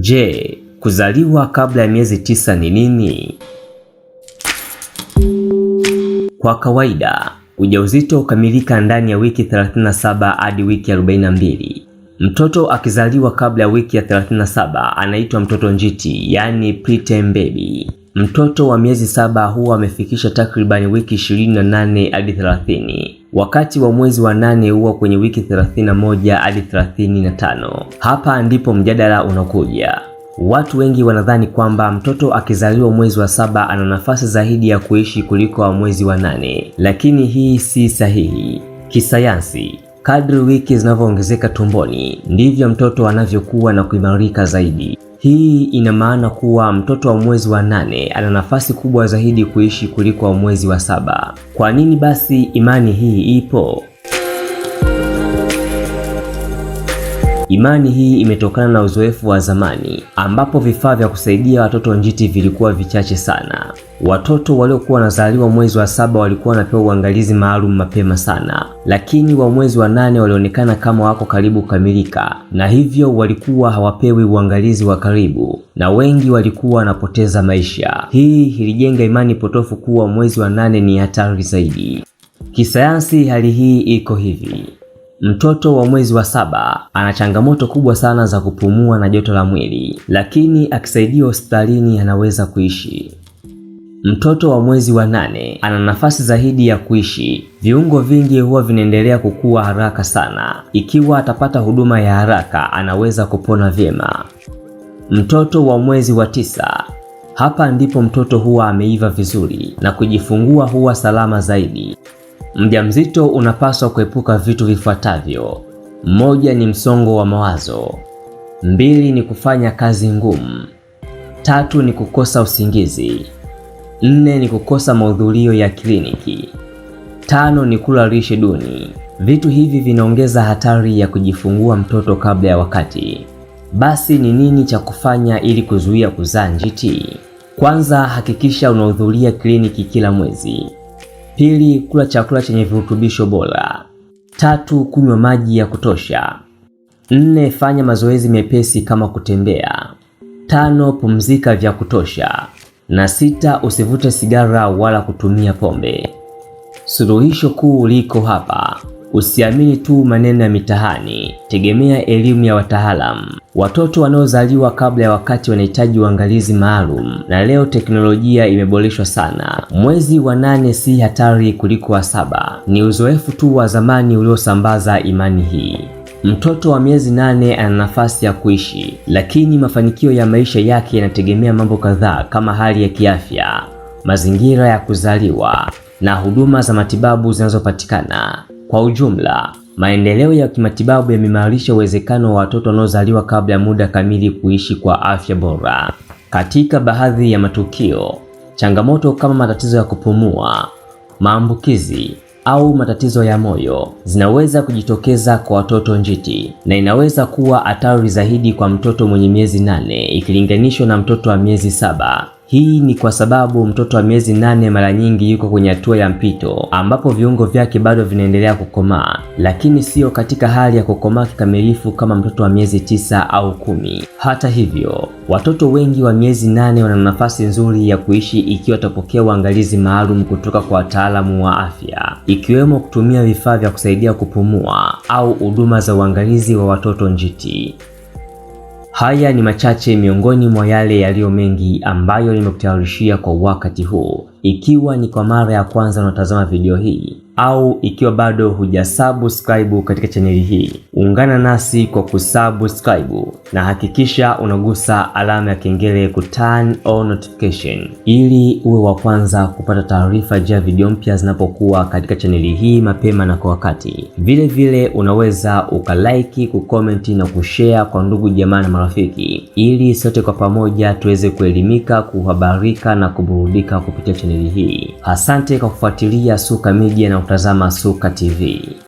Je, kuzaliwa kabla ya miezi tisa ni nini? Kwa kawaida ujauzito hukamilika ndani ya wiki 37 hadi wiki 42. Mtoto akizaliwa kabla ya wiki ya 37 anaitwa mtoto njiti, yaani preterm baby. Mtoto wa miezi saba huwa amefikisha takribani wiki 28 hadi 30. Wakati wa mwezi wa nane huwa kwenye wiki 31 hadi 35. Hapa ndipo mjadala unakuja. Watu wengi wanadhani kwamba mtoto akizaliwa mwezi wa saba ana nafasi zaidi ya kuishi kuliko wa mwezi wa nane, lakini hii si sahihi kisayansi. Kadri wiki zinavyoongezeka tumboni, ndivyo mtoto anavyokuwa na kuimarika zaidi. Hii ina maana kuwa mtoto wa mwezi wa nane ana nafasi kubwa zaidi kuishi kuliko wa mwezi wa saba. Kwa nini basi imani hii ipo? Imani hii imetokana na uzoefu wa zamani ambapo vifaa vya kusaidia watoto njiti vilikuwa vichache sana. Watoto waliokuwa wanazaliwa mwezi wa saba walikuwa wanapewa uangalizi maalum mapema sana, lakini wa mwezi wa nane walionekana kama wako karibu kukamilika, na hivyo walikuwa hawapewi uangalizi wa karibu na wengi walikuwa wanapoteza maisha. Hii ilijenga imani potofu kuwa mwezi wa nane ni hatari zaidi. Kisayansi hali hii iko hivi. Mtoto wa mwezi wa saba ana changamoto kubwa sana za kupumua na joto la mwili, lakini akisaidiwa hospitalini anaweza kuishi. Mtoto wa mwezi wa nane ana nafasi zaidi ya kuishi. Viungo vingi huwa vinaendelea kukua haraka sana. Ikiwa atapata huduma ya haraka, anaweza kupona vyema. Mtoto wa mwezi wa tisa, hapa ndipo mtoto huwa ameiva vizuri na kujifungua huwa salama zaidi. Mjamzito unapaswa kuepuka vitu vifuatavyo: moja ni msongo wa mawazo, mbili ni kufanya kazi ngumu, tatu ni kukosa usingizi, nne ni kukosa mahudhurio ya kliniki, tano ni kula lishe duni. Vitu hivi vinaongeza hatari ya kujifungua mtoto kabla ya wakati. Basi ni nini cha kufanya ili kuzuia kuzaa njiti? Kwanza, hakikisha unahudhuria kliniki kila mwezi. Pili, kula chakula chenye virutubisho bora. Tatu, kunywa maji ya kutosha. Nne, fanya mazoezi mepesi kama kutembea. Tano, pumzika vya kutosha. Na sita, usivute sigara wala kutumia pombe. Suluhisho kuu liko hapa. Usiamini tu maneno ya mitahani, tegemea elimu ya wataalamu. Watoto wanaozaliwa kabla ya wakati wanahitaji uangalizi maalum, na leo teknolojia imeboreshwa sana. Mwezi wa nane si hatari kuliko wa saba, ni uzoefu tu wa zamani uliosambaza imani hii. Mtoto wa miezi nane ana nafasi ya kuishi, lakini mafanikio ya maisha yake yanategemea mambo kadhaa kama hali ya kiafya, mazingira ya kuzaliwa na huduma za matibabu zinazopatikana. Kwa ujumla, maendeleo ya kimatibabu yameimarisha uwezekano wa watoto wanaozaliwa kabla ya muda kamili kuishi kwa afya bora. Katika baadhi ya matukio, changamoto kama matatizo ya kupumua, maambukizi au matatizo ya moyo zinaweza kujitokeza kwa watoto njiti na inaweza kuwa hatari zaidi kwa mtoto mwenye miezi nane ikilinganishwa na mtoto wa miezi saba. Hii ni kwa sababu mtoto wa miezi nane mara nyingi yuko kwenye hatua ya mpito ambapo viungo vyake bado vinaendelea kukomaa, lakini sio katika hali ya kukomaa kikamilifu kama mtoto wa miezi tisa au kumi. Hata hivyo, watoto wengi wa miezi nane wana nafasi nzuri ya kuishi ikiwa watapokea uangalizi maalum kutoka kwa wataalamu wa afya, ikiwemo kutumia vifaa vya kusaidia kupumua au huduma za uangalizi wa watoto njiti. Haya ni machache miongoni mwa yale yaliyo mengi ambayo nimekutayarishia kwa wakati huu. Ikiwa ni kwa mara ya kwanza unatazama video hii, au ikiwa bado hujasubscribe katika chaneli hii, ungana nasi kwa kusubscribe na hakikisha unagusa alama ya kengele ku turn on notification ili uwe wa kwanza kupata taarifa ya video mpya zinapokuwa katika chaneli hii mapema na kwa wakati. Vile vile unaweza ukalaiki, kukomenti na kushare kwa ndugu jamaa na marafiki, ili sote kwa pamoja tuweze kuelimika, kuhabarika na kuburudika kupitia chaneli hii. Asante kwa kufuatilia Suka Media na unaotazama Suka TV.